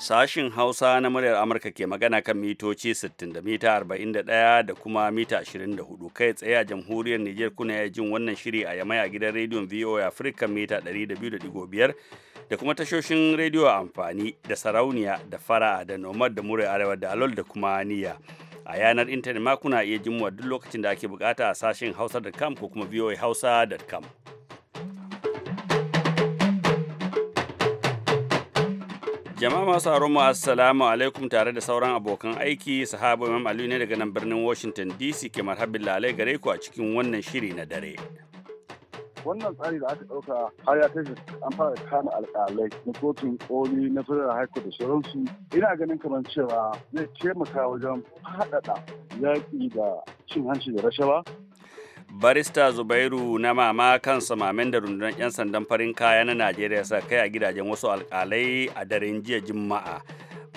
Sashin Hausa na muryar Amurka ke magana kan mitoci 60 da mita 41 da kuma mita 24 kai tsaye a jamhuriyar Nijar kuna ya jin wannan shiri a yamai a gidan rediyon VOA Africa mita 200.5 da kuma tashoshin rediyo a amfani da sarauniya da fara da nomad da muryar arewa da alol da kuma niyya. A yanar intanet ma kuna iya jin duk lokacin da ake bukata a sashin hausa.com ko kuma Hausa.com. Jama'a masu mu assalamu alaikum tare da sauran abokan aiki sahabu Imam Aliyu ne daga nan birnin Washington DC ke marhabin lalai gare ku a cikin wannan shiri na dare. Wannan tsari da aka ɗauka har ya kai an fara kama alƙalai na kotun koli na federal high court da sauransu ina ganin kamar cewa zai taimaka wajen faɗaɗa yaƙi da cin hanci da rashawa barista zubairu na mama kan samamen da rundunar 'yan sandan farin kaya na najeriya sa kai a gidajen wasu alkalai a daren jiya juma'a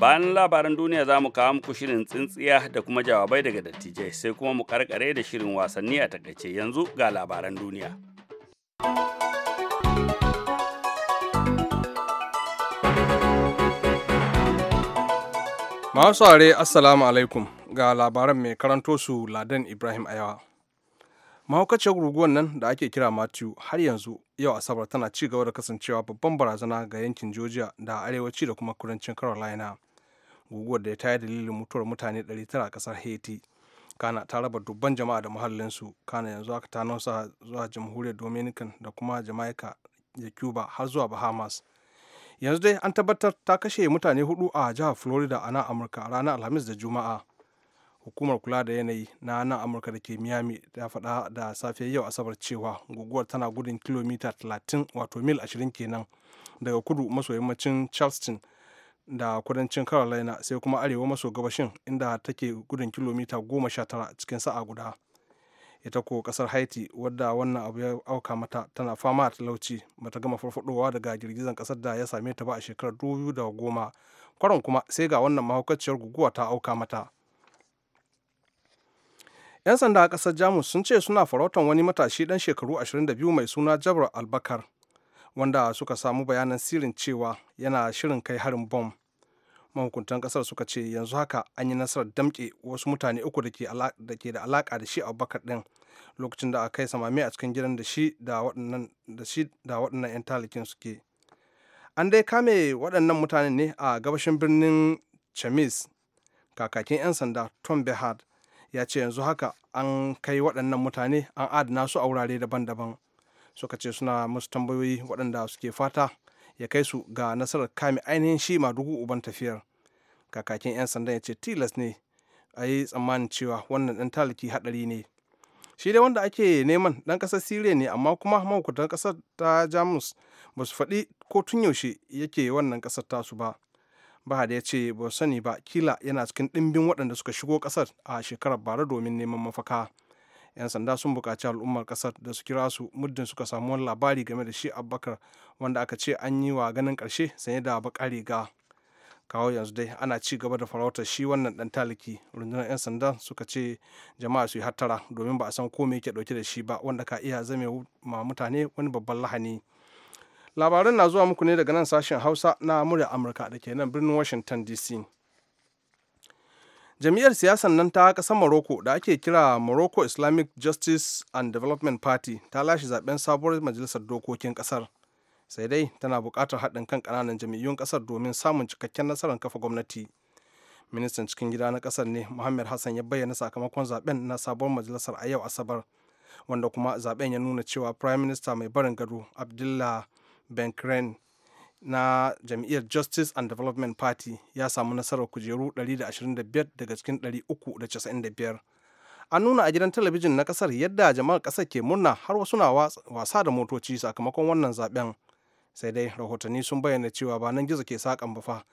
bayan labaran duniya za mu kawo muku shirin tsintsiya da kuma jawabai daga dattijai sai kuma mu karkare da shirin wasanni a takaice yanzu ga labaran duniya masu assalamu alaikum ga labaran mai karanto su ladan ibrahim ayawa mahaukaciyar guguwar nan da ake kira matthew har yanzu yau asabar tana ci gaba da kasancewa babban barazana ga yankin georgia da arewaci da kuma kudancin carolina guguwar da ya yi dalilin mutuwar mutane 900 a kasar haiti kana ta raba dubban jama'a da muhallinsu kana yanzu aka ta nausa zuwa jamhuriyar dominican da kuma jamaica da cuba har zuwa bahamas yanzu dai an tabbatar ta kashe mutane hudu a jihar florida a nan amurka ranar alhamis da juma'a hukumar kula da yanayi na nan amurka da ke miami ta faɗa da safiyar yau asabar cewa guguwar tana gudun kilomita 30 wato mil 20 kenan daga kudu maso yammacin charleston da kudancin carolina sai kuma arewa maso gabashin inda take gudun kilomita 19 cikin sa'a guda ita ko kasar haiti wadda wannan abu ya auka mata tana fama da talauci bata gama farfadowa daga girgizan kasar da ya same ta ba a shekarar 2010 kwaron kuma sai ga wannan mahaukaciyar guguwa ta auka mata 'Yan sanda a ƙasar Jamus sun ce suna farautar wani matashi dan shekaru 22 mai suna Jabra Albakar, wanda suka samu bayanan sirrin cewa yana shirin kai harin bom. Mahukuntan ƙasar suka ce yanzu haka an yi nasarar damke wasu mutane uku da ke da alaka da shi a Abubakar ɗin lokacin da aka kai samami a cikin gidan da shi da waɗannan 'yan talakin suke. An dai kame waɗannan mutane ne a gabashin birnin Chamis, kakakin 'yan sanda Tom Behard ya ce yanzu haka an kai waɗannan mutane an adana su a wurare daban-daban suka ce suna musu tambayoyi waɗanda suke fata ya kai su ga nasarar kame ainihin shi dubu uban tafiyar kakakin 'yan sandan ya ce tilas ne a yi tsammanin cewa wannan ɗan taliki haɗari ne shi dai wanda ake neman ɗan ƙasar siriya ne amma kuma mahukuntan ƙasar ta jamus ba su faɗi ko tun yaushe yake wannan ƙasar tasu ba bahad ya ce ba sani ba kila yana cikin ɗimbin waɗanda suka shigo ƙasar a shekarar bara domin neman mafaka 'yan sanda sun buƙaci al'ummar ƙasar da su kira su muddin suka samu wani labari game da shi abubakar wanda aka ce an yi wa ganin ƙarshe sanye da baƙar riga kawo yanzu dai ana ci gaba da farautar shi wannan ɗan taliki rundunar 'yan sanda suka ce jama'a su yi hattara domin ba a san ko me yake ɗauke da shi ba wanda ka iya zame ma mutane wani babban lahani labaran na zuwa muku ne daga nan sashen hausa na murya amurka da ke nan birnin washington dc jami'ar siyasan nan ta kasar morocco da ake kira morocco islamic justice and development party ta lashe zaben sabuwar majalisar dokokin kasar sai dai tana buƙatar haɗin kan ƙananan jami'un kasar domin samun cikakken nasarar kafa gwamnati ministan cikin gida na kasar ne muhammad hassan ya bayyana sakamakon zaben na sabuwar majalisar a yau asabar wanda kuma zaben ya nuna cewa prime minister mai barin gado abdullah benkeren na jam'iyyar justice and development party ya samu nasarar kujeru 125 daga cikin 395 an nuna a gidan talabijin na kasar yadda jama'ar kasar ke murna har wasu na wasa da motoci sakamakon wannan zaben sai dai rahotanni sun bayyana cewa ba nan gizo ke sakan ba fa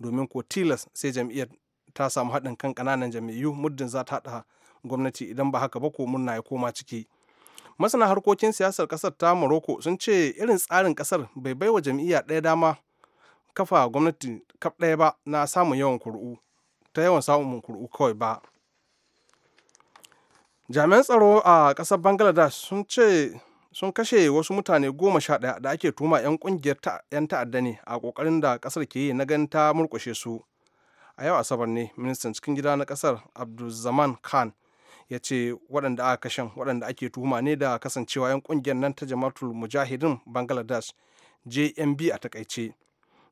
domin ko tilas sai jam'iyyar ta samu haɗin kan ƙananan jam'iyyu muddin za ta haɗa gwamnati idan ba haka ba ko murna ya koma ciki masana harkokin siyasar kasar ta morocco sun ce irin tsarin kasar bai baiwa jam'iyya ɗaya dama kafa gwamnati kaf ɗaya ba na samun yawan kuri'u ta yawan samun kuri'u kawai ba jami'an tsaro a ƙasar bangladesh sun ce sun kashe wasu mutane goma sha ɗaya da ake tuma 'yan ƙungiyar 'yan ta'adda ne a kokarin da kasar ke yi na ganin ta murƙushe su a yau asabar ne ministan cikin gida na kasar abdulzaman khan ya ce waɗanda aka kashen waɗanda ake tuhuma ne da kasancewa 'yan ƙungiyar nan ta jama'atul mujahidin bangladesh jmb a takaice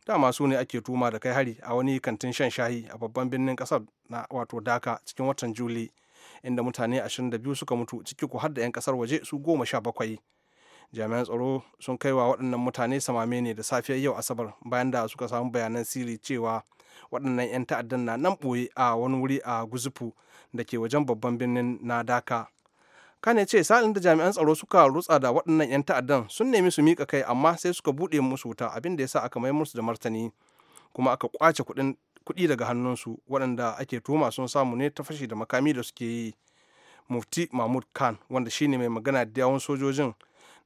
dama su ne ake tuhuma da kai hari a wani kantin shan shayi a babban birnin kasar na wato daka cikin watan juli inda mutane 22 suka mutu ciki ko har da 'yan kasar waje su goma sha bakwai jami'an tsaro sun kai wa waɗannan mutane samame ne da safiyar yau asabar bayan da suka samu bayanan sirri cewa waɗannan 'yan ta'addan na nan ɓoye a wani wuri a guzufu da ke wajen babban birnin na daka kane ce sa'in da jami'an tsaro suka rutsa da waɗannan 'yan ta'addan sun nemi su mika kai amma sai suka buɗe musu wuta abin da ya sa aka mai musu da martani kuma aka kwace kuɗi daga hannunsu waɗanda ake tuma sun samu ne ta fashi da makami da suke yi mufti mahmud khan wanda shine mai magana da yawon sojojin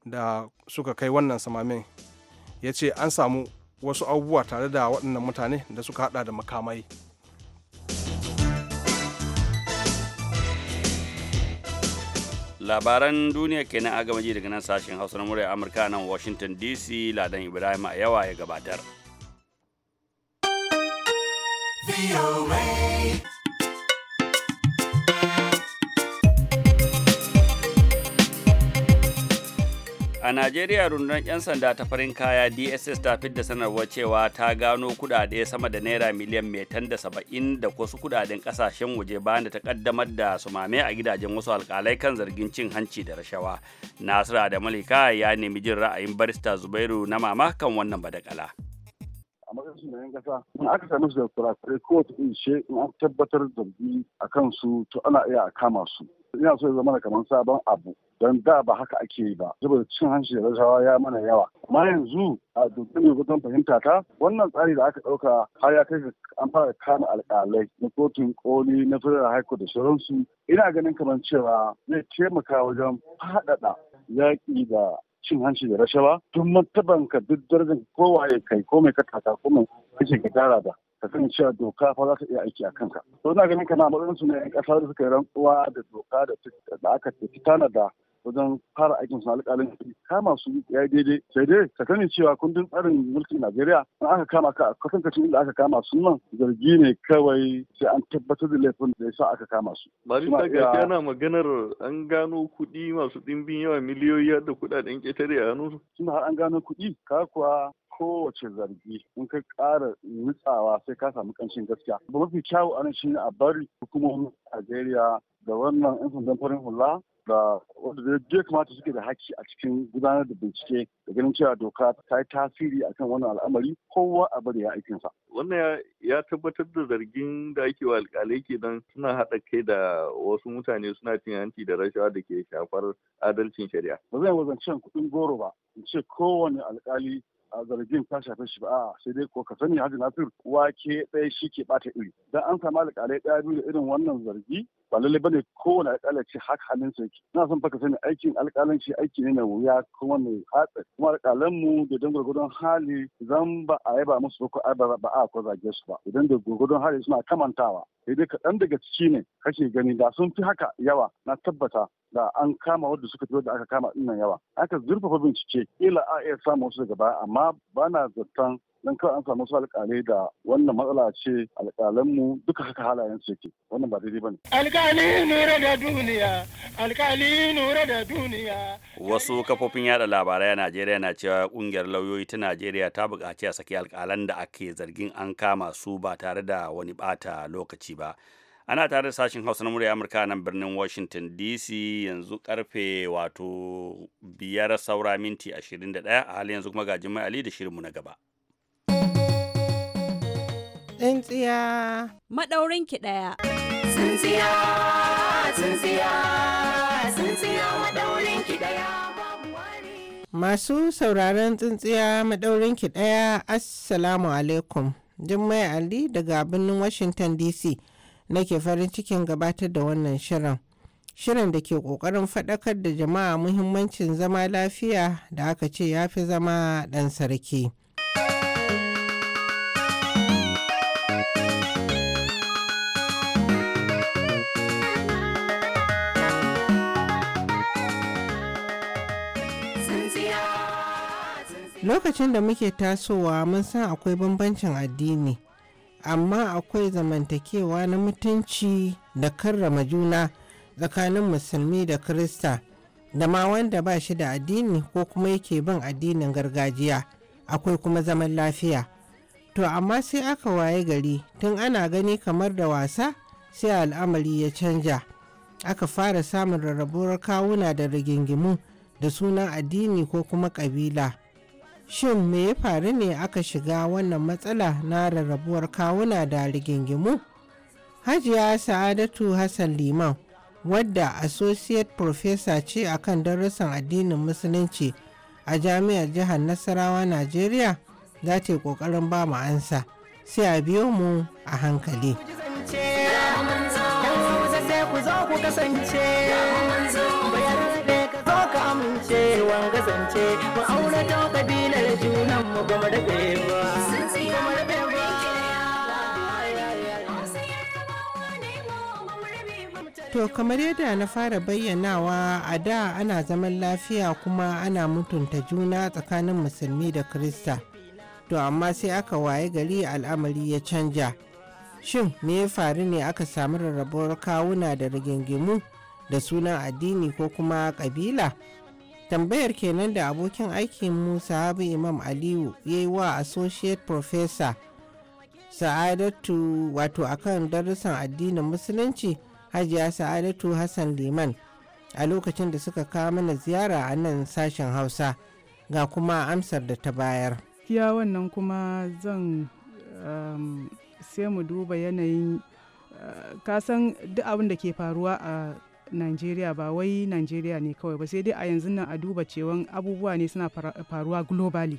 da suka kai wannan samamin ya ce an samu wasu abubuwa tare da waɗannan mutane da suka hada da makamai labaran duniya kenan a gama ji daga nan sashen hausa na murya amurka nan washington dc ladan ibrahim a yawa ya gabatar A Najeriya rundunar 'yan sanda ta farin kaya DSS ta fidda sanarwar cewa ta gano kudade sama da naira miliyan metan da saba'in da wasu kudaden kasashen waje bayan da ta kaddamar da sumame a gidajen wasu alkalai kan zargin cin hanci da rashawa. Nasira da Malika ya nemi jin ra'ayin barista Zubairu na mama kan wannan badakala. a matsayin yan kasa in aka sami su da kurakurai kowace in in an tabbatar da a kansu to ana iya a kama su ina so ya zama kamar sabon abu don da ba haka ake yi ba saboda cin hanci da rashawa ya mana yawa amma yanzu a dokar mai gudun fahimta ta wannan tsari da aka ɗauka har ya kai an fara kama alkalai na kotun koli na firar haiku da sauransu ina ganin kamar cewa zai taimaka wajen faɗaɗa yaƙi da cin hanci da rashawa Tun martaban ka duk darajar ya kai ko mai ka taka ko mai kake ka da ka san cewa doka fa za ta iya aiki a kanka to ina ganin kana matsayin su ne yan ƙasa da suka yi rantsuwa da doka da aka tafi da wajen fara aikin su alƙalin kama su ya daidai sai dai ka sani cewa kundin tsarin mulkin Najeriya in aka kama ka kasancin inda aka kama su nan zargi ne kawai sai an tabbatar da laifin da ya sa aka kama su bari ta ga yana maganar an gano kuɗi masu ɗimbin yawa miliyoyi da kuɗaɗen ƙetare a hannun su har an gano kuɗi ka kuwa kowace zargi in kai ƙara nutsawa sai ka samu ƙanshin gaskiya ba mafi kyawu anan shi a bari hukumomin Najeriya da wannan 'yan sandan farin hula da wanda zai kamata suke da haƙƙi a cikin gudanar da bincike da ganin cewa doka ta yi tasiri akan wannan al'amari kowa a bari ya aikinsa. Wannan ya tabbatar da zargin da ake wa alƙalai kenan suna haɗa kai da wasu mutane suna cin hanci da rashawa da ke shafar adalcin shari'a. Ba zan wazancen kuɗin goro ba in ce kowane alƙali a zargin ta shafe shi ba a sai dai ko ka sani hajji nasir wake ɗaya shi ke bata iri dan an samu alƙalai ɗaya biyu da irin wannan zargi ba lallai bane kowane alƙalanci haka halin su yake ina son baka sani aikin alƙalanci aiki ne na wuya kuma mai hatsi. kuma alƙalan mu da dan gurgurdon hali zan ba a yaba musu ko ba a ko zage su ba idan da gurgurdon hali suna kamantawa sai dai kaɗan daga ciki ne kake gani da sun fi haka yawa na tabbata da an kama wadda suka fi wadda aka kama dinnan yawa aka zurfafa bincike kila a iya samu wasu daga baya amma bana zaton don kawai an samu su alƙalai da wannan matsala ce alƙalanmu duka haka halayen su yake wannan ba daidai ba ne. Alƙali nura da duniya, alƙali nura da duniya. Wasu kafofin yada labarai a Najeriya na cewa kungiyar lauyoyi ta Najeriya ta buƙaci a saki alƙalan da ake zargin an kama su ba tare da wani bata lokaci ba. ana tare da sashen hausa na murya amurka nan birnin washington dc yanzu karfe wato biyar saura minti daya a halin yanzu kuma ga jimai ali da shirinmu na gaba Tsintsiya. Maɗaurin ki ɗaya. Tsintsiya, tsintsiya, tsintsiya maɗaurin ki ɗaya. Masu sauraron tsintsiya maɗaurin ki ɗaya Assalamu alaikum. Jummai Ali daga birnin Washington DC nake farin cikin gabatar da wannan shirin. Shirin da ke ƙoƙarin faɗakar da jama'a muhimmancin zama lafiya da aka ce ya fi zama ɗan sarki. lokacin da muke tasowa mun san akwai bambancin addini amma akwai zamantakewa na mutunci da karrama juna tsakanin musulmi da kirista da ma wanda ba shi da addini ko kuma yake bin addinin gargajiya akwai kuma zaman lafiya to amma sai aka waye gari tun ana gani kamar da wasa sai al'amari ya canja aka fara samun rarrabuwar kawuna da rigingimu da sunan addini ko kuma ƙabila. Shin me ya faru ne aka shiga wannan matsala na rarrabuwar kawuna da rigingimu? Hajiya Sa'adatu Hassan Liman, wadda Associate Professor ce akan darussan addinin Musulunci a Jami'ar Jihar Nasarawa, Najeriya, za ta yi ƙoƙarin ba mu ansa. Sai a biyo mu a hankali. ku kasance. To kamar yadda na fara bayyanawa a da ana zaman lafiya kuma ana mutunta juna tsakanin musulmi da Krista. To amma sai aka waye gari al'amari ya canja. Shin me ya faru ne aka samu rarrabuwar kawuna da rigingimu da sunan addini ko kuma ƙabila? tambayar kenan da abokin aikin musa habu imam aliyu ya yi wa associate professor sa'adatu wato akan darussan addinin musulunci hajiya sa'adatu hassan liman a lokacin da suka kawo mana ziyara a nan sashen hausa ga kuma amsar da ta bayar ya wannan kuma zan um, sai mu duba yanayin uh, kasan duk abin da ke faruwa a Najeriya ba wai Najeriya ne kawai ba sai dai a yanzu nan a duba cewan abubuwa ne suna faruwa globally.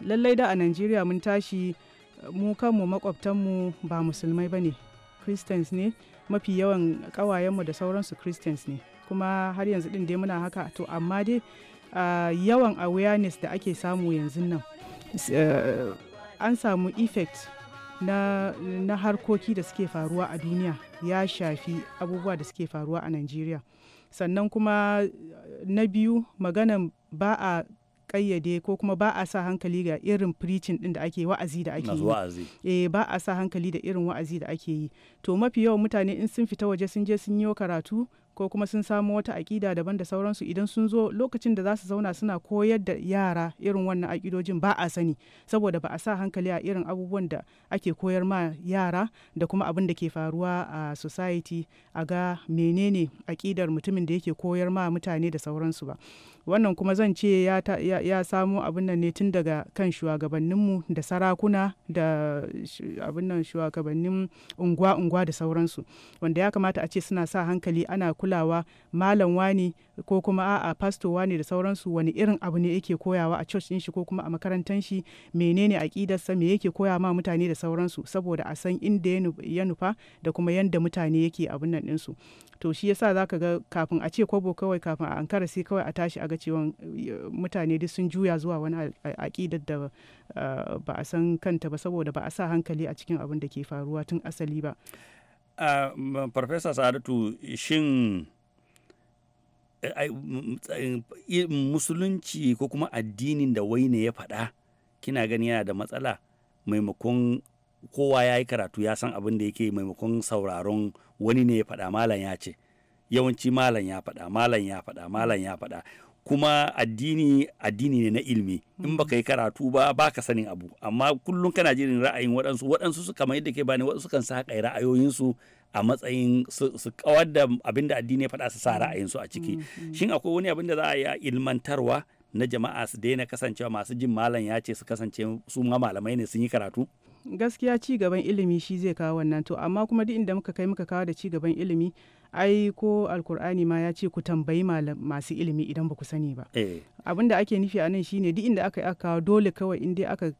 Lallai da a Najeriya mun tashi mu kanmu makwabtanmu ba musulmai ba ne, Christians ne, mafi yawan ƙawayenmu da sauransu Christians ne. Kuma har yanzu ɗin dai muna haka to amma dai yawan awareness da ake samu yanzu nan. Eh, an samu effect na, na harkoki da suke faruwa a duniya ya shafi abubuwa da suke faruwa a Najeriya. Sannan kuma eh, na biyu maganan ba a kayyade ko kuma ba a sa hankali ga irin preaching din da ake wa'azi da ake yi. E, ba a sa hankali da irin wa'azi da ake yi. To mafi yawan mutane in sun fita waje sun je sun yi karatu ko kuma sun samu wata aƙida daban da sauransu idan sun zo lokacin da za su zauna suna koyar da yara irin wannan aƙidojin ba a sani saboda ba a sa hankali a irin abubuwan da ake koyar ma yara da kuma abin da ke faruwa a society a ga menene aƙidar mutumin da yake koyar ma mutane da sauransu ba wannan kuma zan ce ya, ya, samo abin nan ne tun daga kan shugabanninmu da sarakuna da abin nan shugabannin unguwa-unguwa da sauransu wanda ya kamata a ce suna sa hankali ana kulawa malam wani ko kuma a'a pasto ne da sauransu wani irin abu ne yake koyawa a church din shi ko kuma a makarantar shi menene aƙidarsa me yake koya ma mutane da sauransu saboda a san inda ya nufa da kuma yanda mutane yake abin nan ɗinsu to shi yasa zaka ga kafin a ce kwabo kawai kafin a ankara sai kawai a tashi a ga cewa eh, mutane duk sun juya zuwa wani aƙidar da eh, ba a san kanta ba saboda ba a sa hankali a cikin abin da ke faruwa tun asali ba. Farfesa Sadatu shin eh, mm, musulunci ko kuma addinin da wai ne ya faɗa kina gani yana da matsala maimakon kowa ya yi karatu ya san abin da yake maimakon sauraron wani ne ya faɗa malam ya ce yawanci malam ya faɗa malam ya faɗa malam ya faɗa kuma addini addini ne na ilmi in baka yi karatu ba baka sanin abu amma kullum kana jirin ra'ayin waɗansu waɗansu su kamar yadda ke bani waɗansu kan sa haƙa ra'ayoyinsu a matsayin su kawar da abin da addini ya faɗa su sa ra'ayinsu a ciki mm-hmm. shin akwai wani abin da za a yi a ilmantarwa na jama'a su daina kasancewa masu jin malam ya ce su kasance su ma malamai ne sun yi karatu gaskiya ci gaban ilimi shi zai kawo wannan to amma kuma duk inda muka kai muka kawo da ci gaban ilimi ai ko alkur'ani ma ya ce ku tambayi masu ilimi idan ba ku sani ba eh. abin da ake nufi a nan shine duk inda aka aka dole kawai in aka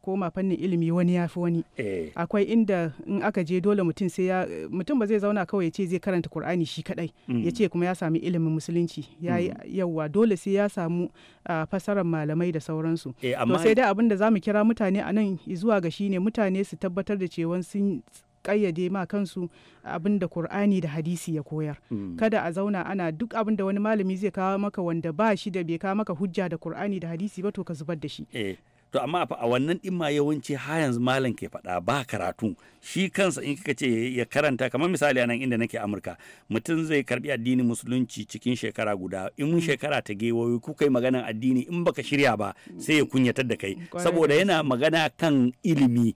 koma fannin ilimi wani ya fi wani eh. akwai inda in aka je dole mutum sai ya mutum ba zai zauna kawai ya ce zai karanta qur'ani shi kadai mm. ya ce kuma ya sami ilimin musulunci ya mm. yawa dole sai ya samu fasarar malamai da sauransu eh, to sai dai abin da mu kira mutane a nan zuwa ga shine mutane su tabbatar da cewa sun kayyade ma kansu abin da Kur'ani da hadisi ya koyar. Mm. Kada a zauna ana duk abin da wani malami zai kawo maka wanda ba shi da bai kawo maka hujja da Kur'ani da hadisi ba to ka zubar da shi. Eh, to amma a wannan din ma yawanci ha yanzu malam ke faɗa ba karatu shi kansa in kika ce ya karanta kamar misali anan inda nake Amurka mutum zai karbi addinin musulunci cikin shekara guda in mm. shekara ta gewayo ku kai maganan addini in baka shirya ba mm. sai ya kunyatar da kai saboda yana magana kan ilimi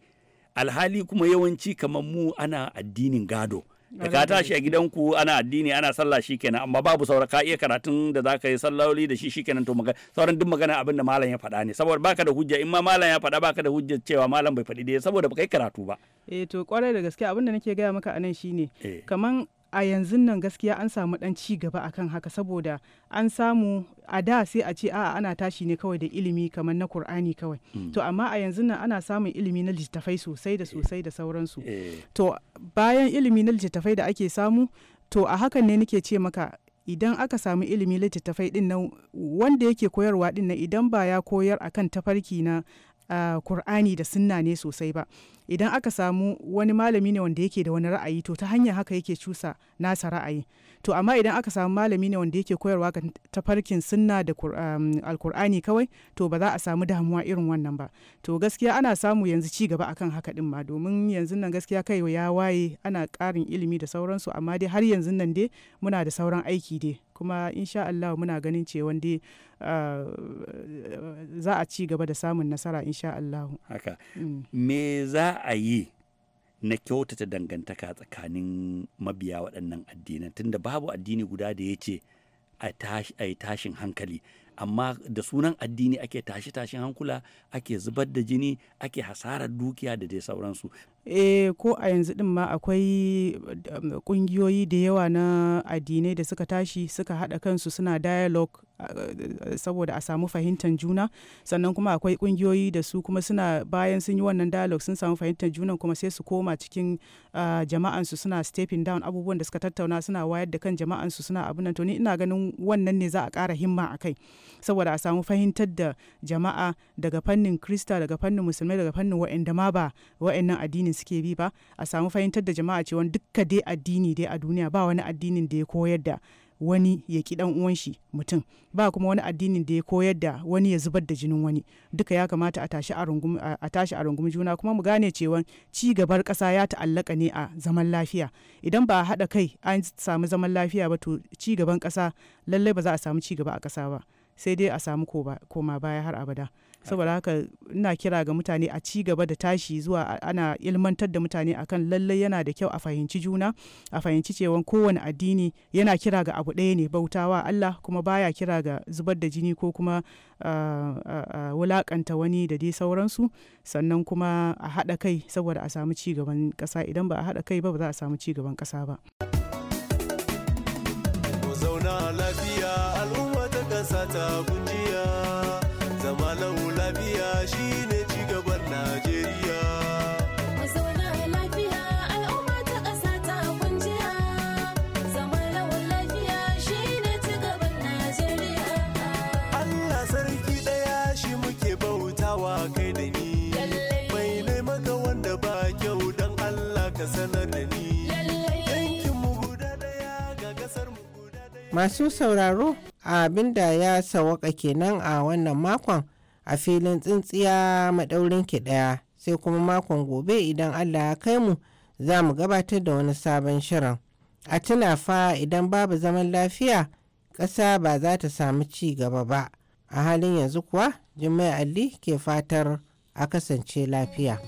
alhali kuma yawanci kamar mu ana addinin gado da ka tashi a gidanku ana addini ana sallah shikenan amma babu saura ka iya karatun da zaka yi salloli da shi shikenan to magana sauran duk magana abin da malam ya faɗa ne saboda baka da hujja in ma malam ya faɗa baka da hujja cewa malam bai faɗi dai saboda baka yi karatu ba eh to kwarai da gaske abin da nake gaya maka anan ne eh. kaman a yanzun nan gaskiya an samu dan ci gaba akan haka saboda an samu a da sai a ce a'a ana tashi ne kawai da ilimi kamar na Kur'ani kawai hmm. to amma a yanzu nan ana samun ilimi na littattafai sosai da sosai da sauransu eh. Eh. to bayan ilimi na littattafai da ake samu to a hakan ne nake ce maka idan aka samu ilimi littattafai din nan wanda yake koyarwa din nan idan ba ya koyar akan tafarki na kur'ani da sunna ne sosai ba idan aka samu wani malami ne wanda yake da wani ra'ayi to ta hanyar haka yake cusa nasa ra'ayi to amma idan aka samu malami ne wanda yake koyarwa ga tafarkin sunna da alkur'ani kawai to ba za a samu damuwa irin wannan ba to gaskiya ana samu yanzu ci gaba akan haka din ma domin yanzu nan gaskiya kai ya waye ana ƙarin ilimi da sauransu amma dai har yanzu nan dai muna da sauran aiki dai kuma insha Allah muna ganin ce wanda ah, za a ci gaba da samun nasara insha Allah haka mm. me za a yi na kyautata dangantaka tsakanin mabiya waɗannan addinan tunda babu addini guda da ya ce a yi tashin hankali amma da sunan addini ake tashi tashin hankula ake zubar da jini ake hasarar dukiya da dai sauransu eh ko a yanzu din ma akwai kungiyoyi um, da yawa na addinai da suka tashi suka haɗa kansu suna dialogue uh, saboda a samu fahimtar juna sannan kuma akwai kungiyoyi da su kuma suna bayan sun yi wannan dialogue sun samu fahimtar juna kuma sai su koma cikin uh, jama'ansu suna stepping down abubuwan da suka tattauna suna wayar da kan jama'ansu suna abin nan to ni ina ganin wannan ne za a ƙara himma a kai saboda a samu fahimtar da jama'a daga fannin krista daga fannin musulmai daga fannin wa'anda ma ba wa'annan addini addinin suke bi ba a samu fahimtar da jama'a cewa dukka dai addini dai a duniya ba wani addinin da ya koyar da wani ya ki dan uwan shi mutum ba kuma wani addinin da ya koyar da wani ya zubar da jinin wani duka ya kamata a tashi a rungumi juna kuma mu gane cewa ci gabar ƙasa ya ta'allaka ne a zaman lafiya idan ba a haɗa kai an samu zaman lafiya ba to ci gaban kasa lallai ba za a samu ci gaba a kasa ba sai dai a samu koma baya har abada saboda haka ina kira ga mutane a ci gaba da tashi zuwa ana ilmantar da mutane akan lallai yana da kyau a fahimci juna a fahimci cewa kowane addini yana kira ga abu ɗaya ne bautawa Allah kuma baya kira ga zubar da jini ko kuma ah, ah, ah, wulakanta wani da dai sauransu sannan kuma a haɗa kai saboda a samu ci gaban ƙasa idan ba a haɗa kai ba za a samu ci gaban ƙasa ba. zauna lafiya al'umma ta ƙasa ta bujiya. masu sauraro abin da ya sawaka kenan a wannan makon a filin tsintsiya maɗaurin ki ɗaya sai kuma makon gobe idan allah ya kai mu za mu gabatar da wani sabon shirin a tuna fa idan babu zaman lafiya ƙasa ba za ta samu ci gaba ba a halin yanzu kuwa jimai ali ke fatar a kasance lafiya.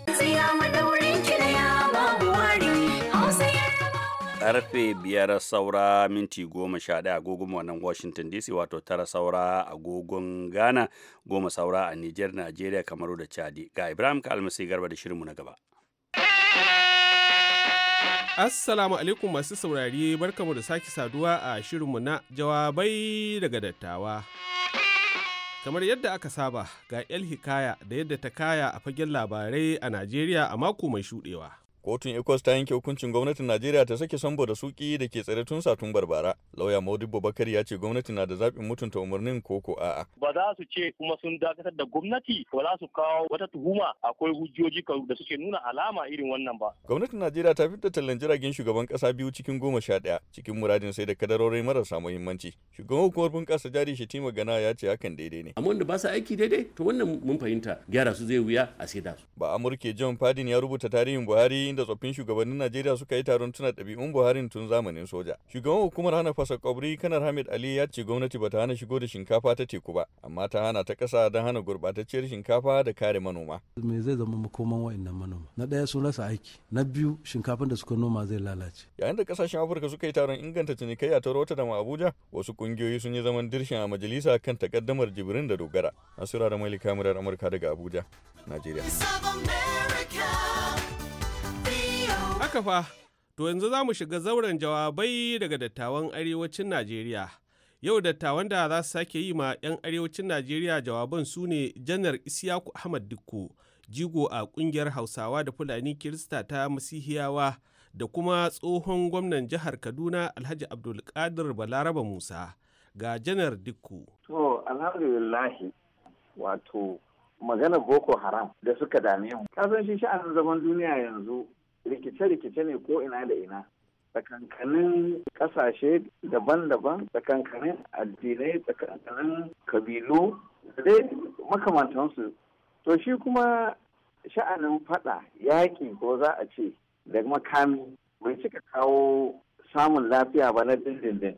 karfe biyar saura minti goma sha ɗaya agogon wannan washington dc wato tara saura agogon ghana goma saura a niger nigeria kamar da chadi ga ibrahim kalmasi garba da shirinmu na gaba assalamu alaikum masu saurari barkamu da sake saduwa a shirinmu na jawabai daga dattawa kamar yadda aka saba ga el hikaya da yadda ta kaya a fagen labarai a najeriya a mako mai shudewa kotun ecos ta yanke hukuncin gwamnatin najeriya ta sake sambo da suki da ke tsare tun satun bara lauya maudu bakari ya ce gwamnati na da zaɓin mutunta umarnin koko a'a ba za su ce kuma sun dakatar da gwamnati ba za su kawo wata tuhuma akwai hujjoji da suke nuna alama irin wannan ba gwamnatin najeriya ta fitar tallan jiragen shugaban kasa biyu cikin goma sha ɗaya cikin muradin sai da kadarori marasa muhimmanci shugaban hukumar bunƙasa jari shetima gana ya ce hakan daidai ne amma wanda ba sa aiki daidai to wannan mun fahimta gyara su zai wuya a saida su ba amurke john fadin ya rubuta tarihin buhari yayin da tsoffin shugabannin Najeriya suka yi taron tuna ɗabi'un Buhari tun zamanin soja. Shugaban hukumar hana fasa kwabri kanar Hamid Ali ya ce gwamnati ba ta hana shigo da shinkafa ta teku ba, amma ta hana ta ƙasa don hana gurɓatacciyar shinkafa da kare manoma. Me zai zama makoman wa'annan manoma? Na ɗaya sun rasa aiki, na biyu shinkafan da suka noma zai lalace. Yayin da ƙasashen Afirka suka yi taron inganta cinikayya ta Rotterdam a Abuja, wasu kungiyoyi sun yi zaman dirshin a majalisa kan takaddamar jibrin da dogara. Asura da Malika Murar Amurka daga Abuja, Najeriya. haka fa, to yanzu za mu shiga zauren jawabai daga dattawan arewacin Najeriya. Yau dattawan da za su sake yi ma 'yan arewacin Najeriya jawaban su ne Janar Isiyaku Ahmad Dikko, jigo a kungiyar Hausawa da Fulani Kirista ta Masihiyawa da kuma tsohon gwamnan jihar Kaduna Alhaji Abdulkadir Balaraba Musa. Ga Janar Dikko. To, alhamdulillahi, wato magana Boko Haram da suka dame mu. Kasan shi sha'anin zaman duniya yanzu rikice-rikice ne ko ina da ina tsakankanin ƙasashe daban-daban tsakankanin addinai tsakankanin kabilu da dai makamantansu to shi kuma sha'anin fada yaƙi ko za a ce da makami bai cika kawo samun lafiya ba na dindindin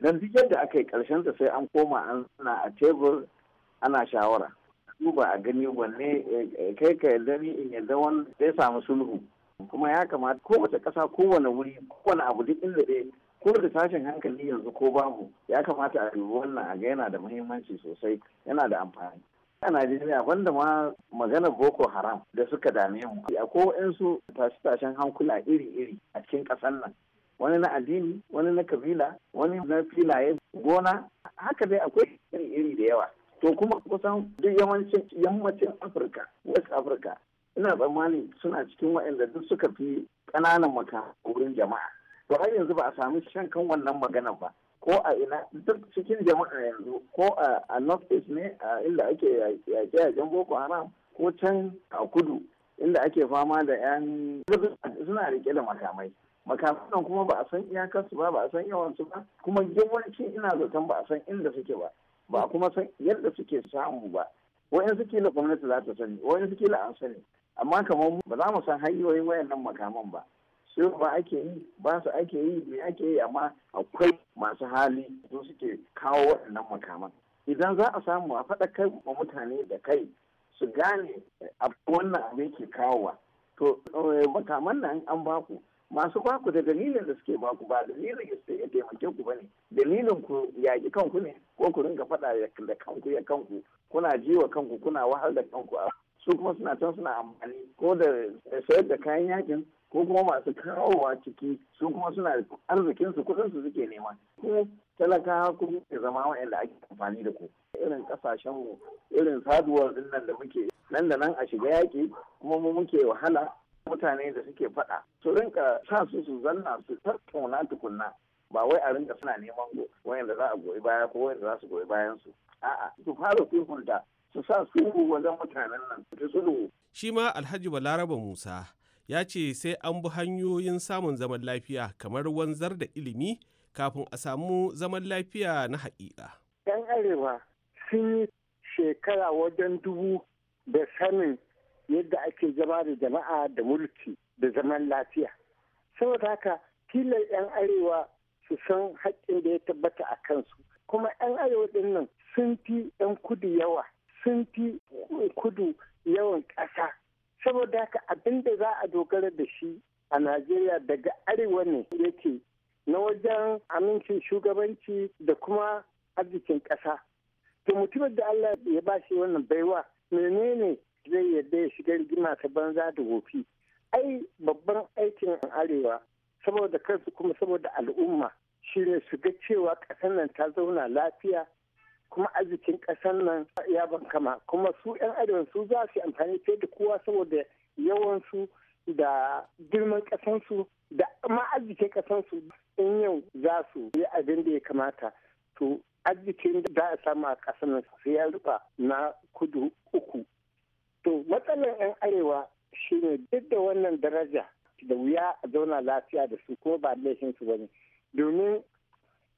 don duk yadda aka yi ƙarshenta sai an koma an suna a tebur ana shawara duba a gani wanne eh, eh, kai ka yarda ni in yarda wani zai samu sulhu kuma ya kamata kowace ƙasa kowane wuri kowane abu duk inda dai ko da tashin hankali yanzu ko babu ya kamata a dubi wannan a ga yana da muhimmanci sosai yana da amfani a Najeriya wanda ma magana Boko Haram da suka dame mu akwai su tashe-tashen hankula iri-iri a cikin ƙasar nan wani na addini wani na kabila wani na filaye gona haka dai akwai iri-iri da yawa to kuma kusan duk yawancin yammacin Afirka West afirka. ina tsammanin suna cikin waɗanda duk suka fi kananan maka wurin jama'a to har yanzu ba a samu shan kan wannan magana ba ko a ina duk cikin jama'a yanzu ko a north east ne a inda ake yaƙe jan boko haram ko can a kudu inda ake fama da yan suna rike da makamai nan kuma ba a san iyakarsu ba ba a san yawansu ba kuma yawancin ina zaton ba a san inda suke ba ba kuma san yadda suke samu ba wayan suke la gwamnati za ta sani wayan suke la an sani amma kamar ba za mu san hanyoyin wayannan makaman ba sai ba ake yi ba su ake yi me ake yi amma akwai masu hali su suke kawo waɗannan makaman idan za a samu a faɗa kai wa mutane da kai su gane a wannan abin ke kawowa to eh, makaman nan an baku masu baku da dalilin da suke baku ba dalilin ya sai ya taimake ku bane dalilin ku yaƙi kanku ne ko ku ringa faɗa da kanku ya kanku kuna jiwa kanku kuna wahal da kanku a su kuma suna can suna amfani ko da sayar da kayan yakin ko kuma masu kawowa ciki su kuma suna arzikin su kudin su suke nema ko talakawa ko ke zama wa'anda ake amfani da ku irin kasashen mu irin saduwar din da muke nan da nan a shiga yaki kuma mu muke wahala mutane da suke faɗa su rinka sa su su zanna su tattauna tukunna ba wai a rinka suna neman wayanda za a goyi baya ko wayanda za su goyi bayan su a'a su fara kunkunta. su sa su wajen mutanen nan su sulhu. Shi ma Alhaji Balaraba Musa ya ce sai an bi hanyoyin samun zaman lafiya kamar wanzar da ilimi kafin a samu zaman lafiya na haƙiƙa. ‘Yan Arewa sun yi shekara wajen dubu da sanin yadda ake zama da jama'a da mulki da zaman lafiya. Saboda haka, tilar 'yan Arewa su san haƙƙin da ya tabbata a kansu. Kuma 'yan Arewa ɗinnan sun fi 'yan kudu yawa. sun fi kudu yawan ƙasa saboda haka abin da za a dogara da shi a najeriya daga arewa ne yake na wajen amincin shugabanci da kuma arzikin ƙasa to mutumin da allah ya ba shi wannan baiwa menene zai yarda ya shiga rigima ta banza da wofi ai babban aikin arewa saboda kansu kuma saboda al'umma shine su ga cewa ƙasar nan ta zauna lafiya kuma arzikin ƙasar nan ya bankama kuma su 'yan arewa su za su amfani fiye da kowa saboda yawan su da girman su da ma arzikin su in yau za su yi abin da ya kamata to arzikin da za a samu a ƙasar nan su ya rufa na kudu uku to matsalar 'yan arewa shine duk da wannan daraja da wuya a zauna lafiya da su kuma ba laifin su bane domin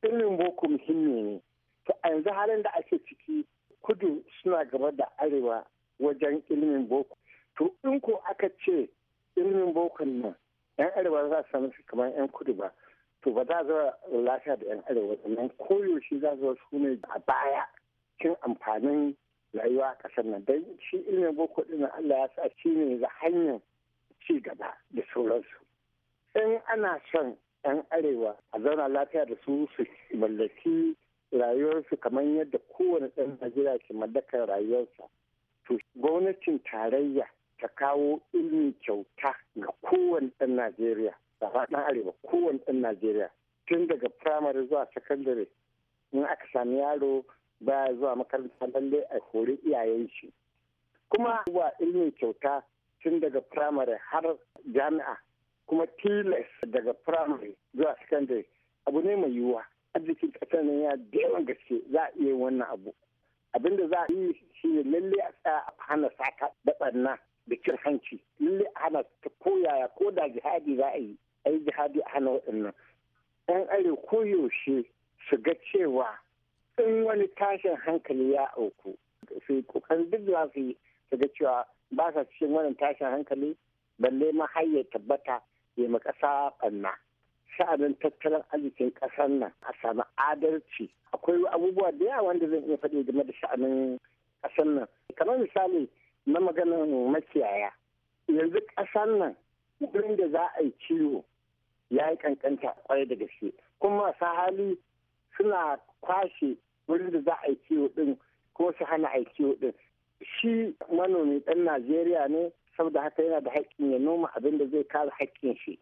ilimin boko muhimmi ne a yanzu halin da ake ciki kudu suna gaba da arewa wajen ilimin boko to in ko aka ce ilimin bokon nan yan arewa za su sami kamar yan kudu ba to ba za zuwa lafiya da yan arewa sannan koyaushe za su su ne a baya cin amfanin rayuwa a ƙasar nan don shi ilimin boko din Allah ya sa shi ne da hanyar ci gaba da sauransu in ana son yan arewa a zauna lafiya da su su mallaki rayuwarsu kamar yadda kowane ɗan Najeriya ke mallakar rayuwarsa. To gwamnatin tarayya ta kawo ilmi kyauta ga kowane ɗan Najeriya, da faɗin arewa kowane ɗan Najeriya. Tun daga firamare zuwa sakandare in aka sami yaro baya zuwa makaranta lalle a hori iyayen shi. Kuma zuwa ilmi kyauta tun daga firamare har jami'a kuma tilas daga firamare zuwa sakandare abu ne mai yiwuwa. arzikin ƙasar nan ya da gaske za a iya wannan abu abin da za a yi shi ne lalle a tsaya a hana sata da ɓarna da cin hanci lalle a hana ta koyaya ko da jihadi za a yi a yi jihadi a hana waɗannan ɗan are koyaushe su ga cewa in wani tashin hankali ya auku su yi kokarin duk za su yi su ga cewa ba sa cikin wannan tashin hankali balle ma har ya tabbata ya ma ƙasa ɓanna. sha'anin tattalin arzikin ƙasar nan a sami adalci akwai abubuwa da yawa wanda zan iya faɗi game da sha'anin kasar nan kamar misali na maganin makiyaya yanzu ƙasar nan wurin da za a yi ciwo ya yi kankanta kwarai da gaske kuma sa hali suna kwashe wurin da za a yi ciwo din ko su hana a yi ciwo din shi manomi dan najeriya ne saboda haka yana da haƙƙin ya noma abin da zai kare haƙƙin shi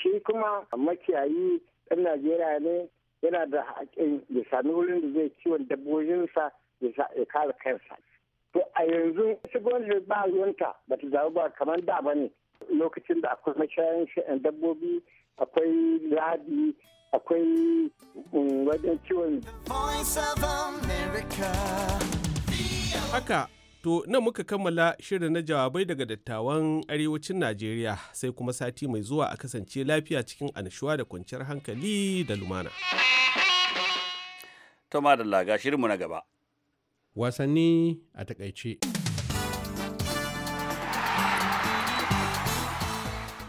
shi kuma makiyayi ɗan najeriya ne yana da haƙin ya sami wurin da zai kiwon dabbobinsa ya kare kansa to a yanzu su gwamnati ba ruwanta ba ta zaɓi ba kamar da ba ne lokacin da akwai mashayan shi'an eh, dabbobi akwai labi akwai mm, wajen kiwon haka To, nan muka kammala shirin na jawabai daga dattawan arewacin Najeriya sai kuma sati mai zuwa a kasance lafiya cikin annashuwa da kwanciyar hankali da lumana. Tama da laga shirinmu na gaba. Wasanni a takaice.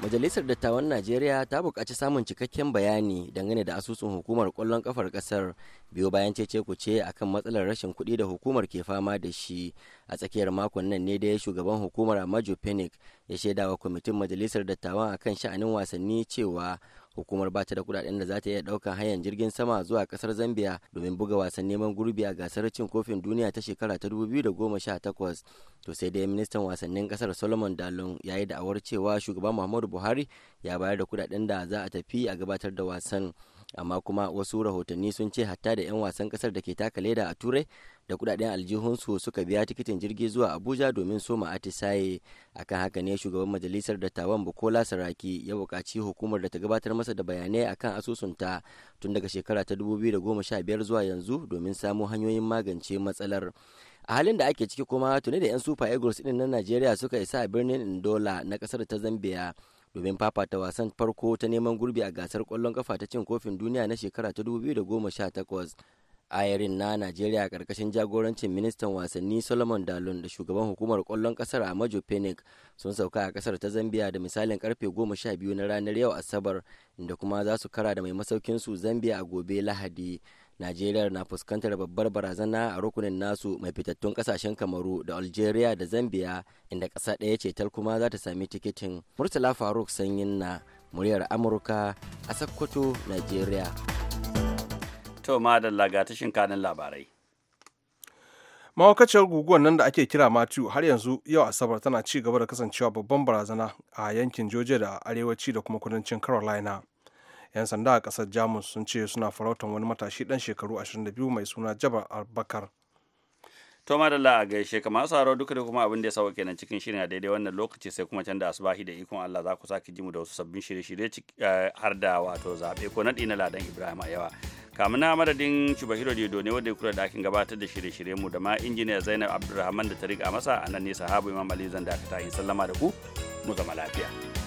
Majalisar Dattawan Najeriya ta buƙaci samun cikakken bayani dangane da asusun hukumar ƙwallon ƙafar ƙasar biyo bayan cece ce akan matsalar rashin kuɗi da hukumar ke fama da shi a tsakiyar makon nan ne da ya shugaban hukumar Amaju Penic ya shaidawa kwamitin Majalisar Dattawan akan sha'anin wasanni cewa hukumar bata da kudaden da za ta iya daukan hanyar jirgin sama zuwa kasar zambia domin buga wasan neman gurbi a gasar cin kofin duniya ta shekara ta 2018 to sai dai ministan wasannin kasar solomon dalon ya yi da'awar cewa shugaban muhammadu buhari ya bayar da kudaden da za a tafi a gabatar da wasan amma kuma wasu rahotanni sun ce hatta da 'yan wasan kasar da ke taka leda a turai da kudaden aljihunsu suka biya tikitin jirgi zuwa abuja domin soma atisaye akan haka ne shugaban majalisar dattawan bukola saraki ya bukaci hukumar da ta gabatar masa da bayanai akan asusunta tun daga shekara ta 2015 zuwa yanzu domin samo hanyoyin magance matsalar a halin da ake ciki kuma tuni da 'yan super eagles din na najeriya suka isa a birnin indola na kasar ta zambia domin fafata wasan farko ta neman gurbi a gasar kwallon kafa ta cin kofin duniya na shekara ta 2018 yarin na najeriya a karkashin jagorancin ministan wasanni solomon dalon da shugaban hukumar kwallon kasar a majo phoenix sun sauka a kasar ta zambia da misalin karfe 12 na ranar yau asabar inda kuma za su kara da mai masaukinsu zambia a gobe lahadi Najeriya na fuskantar babbar barazana a rukunin nasu mai fitattun kasashen Kamaru da Algeria da Zambia inda ƙasa ɗaya ce talkuma za ta sami tikitin. Murtala Faruk Sanyin na muryar Amurka a Sokoto, Najeriya. To madalla ga tashin kanin labarai. mawakaciyar guguwar nan da ake kira matthew har yanzu yau asabar tana ci gaba da kasancewa babban barazana a yankin georgia da arewaci da kuma kudancin carolina 'yan sanda a kasar jamus sun ce suna farautar wani matashi dan shekaru 22 mai suna jabar albakar to madalla a gaishe kamar sauraro duka da kuma abin da ya sauka kenan cikin shirin a daidai wannan lokaci sai kuma canza da asubahi da ikon Allah za ku sake ji mu da wasu sabbin shirye-shirye eh, har da wato zabe ko naɗi na ladan Ibrahim Ayawa kamun na madadin Chubahiro Dido ne wanda ya kula da akin gabatar da shirye-shirye mu da ma injiniya Zainab Abdulrahman da ta a masa a nan ne sahabu Imam Ali zan dakata in sallama da ku mu zama lafiya